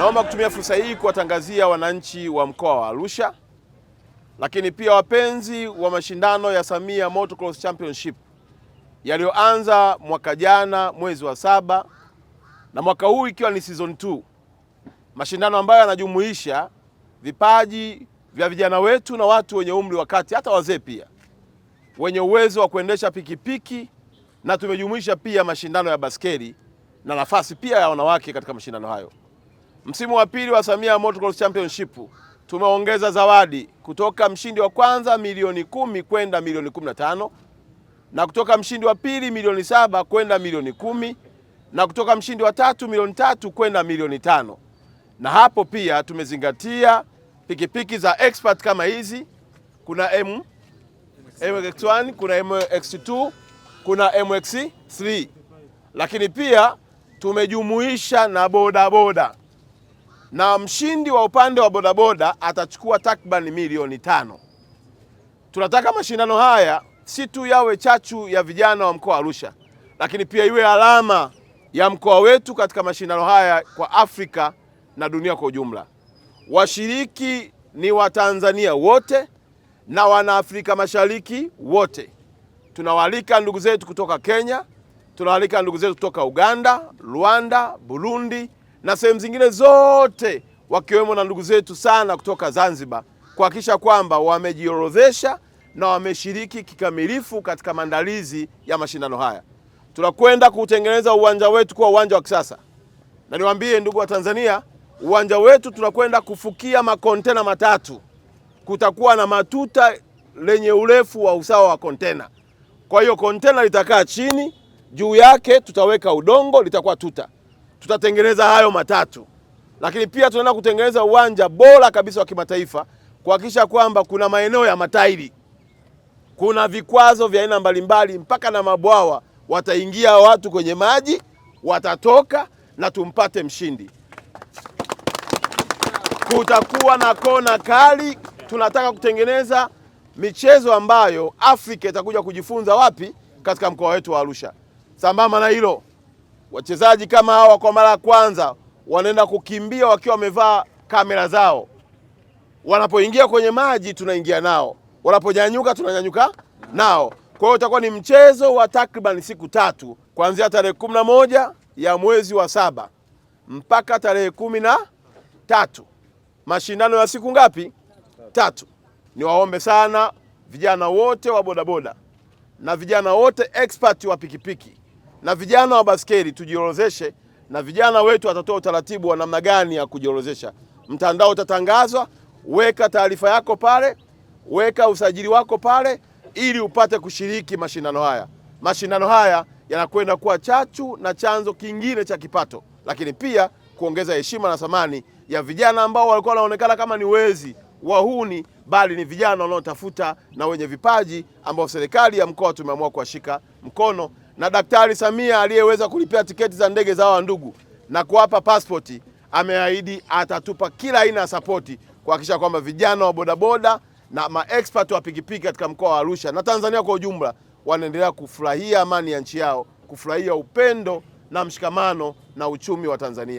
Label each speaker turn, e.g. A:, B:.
A: Naomba kutumia fursa hii kuwatangazia wananchi wa mkoa wa Arusha, lakini pia wapenzi wa mashindano ya Samia Motocross Championship yaliyoanza mwaka jana mwezi wa saba na mwaka huu ikiwa ni season 2, mashindano ambayo yanajumuisha vipaji vya vijana wetu na watu wenye umri wa kati, hata wazee pia wenye uwezo wa kuendesha pikipiki, na tumejumuisha pia mashindano ya baskeli na nafasi pia ya wanawake katika mashindano hayo. Msimu wa pili wa Samia Motocross Championship tumeongeza zawadi kutoka mshindi wa kwanza milioni kumi kwenda milioni kumi na tano na kutoka mshindi wa pili milioni saba kwenda milioni kumi na kutoka mshindi wa tatu milioni tatu kwenda milioni tano na hapo pia tumezingatia pikipiki za expert kama hizi, kuna M, MX1 kuna MX2 kuna MX3, lakini pia tumejumuisha na bodaboda boda na mshindi wa upande wa bodaboda atachukua takriban milioni tano. Tunataka mashindano haya si tu yawe chachu ya vijana wa mkoa wa Arusha, lakini pia iwe alama ya mkoa wetu katika mashindano haya kwa Afrika na dunia kwa ujumla. Washiriki ni Watanzania wote na Wanaafrika Mashariki wote. Tunawaalika ndugu zetu kutoka Kenya, tunawaalika ndugu zetu kutoka Uganda, Rwanda, Burundi na sehemu zingine zote, wakiwemo na ndugu zetu sana kutoka Zanzibar, kuhakikisha kwamba wamejiorodhesha na wameshiriki kikamilifu katika maandalizi ya mashindano haya. Tunakwenda kuutengeneza uwanja wetu kuwa uwanja wa kisasa, na niwaambie ndugu wa Tanzania, uwanja wetu tunakwenda kufukia makontena matatu. Kutakuwa na matuta lenye urefu wa usawa wa kontena. Kwa hiyo kontena litakaa chini, juu yake tutaweka udongo, litakuwa tuta tutatengeneza hayo matatu, lakini pia tunaenda kutengeneza uwanja bora kabisa wa kimataifa kuhakikisha kwamba kuna maeneo ya matairi, kuna vikwazo vya aina mbalimbali, mpaka na mabwawa. Wataingia watu kwenye maji, watatoka na tumpate mshindi. Kutakuwa na kona kali. Tunataka kutengeneza michezo ambayo Afrika itakuja kujifunza wapi? Katika mkoa wetu wa Arusha. Sambamba na hilo Wachezaji kama hawa kwa mara ya kwanza wanaenda kukimbia wakiwa wamevaa kamera zao. Wanapoingia kwenye maji tunaingia nao, wanaponyanyuka tunanyanyuka nao. Kwa hiyo utakuwa ni mchezo wa takriban siku tatu kuanzia tarehe kumi na moja ya mwezi wa saba mpaka tarehe kumi na tatu. Mashindano ya siku ngapi? Tatu. Niwaombe sana vijana wote wa bodaboda na vijana wote expert wa pikipiki na vijana wa baskeli tujiorozeshe, na vijana wetu watatoa utaratibu wa namna gani ya kujiorozesha. Mtandao utatangazwa, weka taarifa yako pale, weka usajili wako pale, ili upate kushiriki mashindano haya. Mashindano haya yanakwenda kuwa chachu na chanzo kingine cha kipato, lakini pia kuongeza heshima na thamani ya vijana ambao walikuwa wanaonekana kama ni wezi wahuni, bali ni vijana wanaotafuta na wenye vipaji ambao serikali ya mkoa tumeamua kuwashika mkono na Daktari Samia aliyeweza kulipia tiketi za ndege za hawa ndugu na kuwapa pasipoti, ameahidi atatupa kila aina ya sapoti kuhakikisha kwamba vijana wa bodaboda na maexpert wa pikipiki katika mkoa wa Arusha na Tanzania kwa ujumla wanaendelea kufurahia amani ya nchi yao, kufurahia upendo na mshikamano na uchumi wa Tanzania.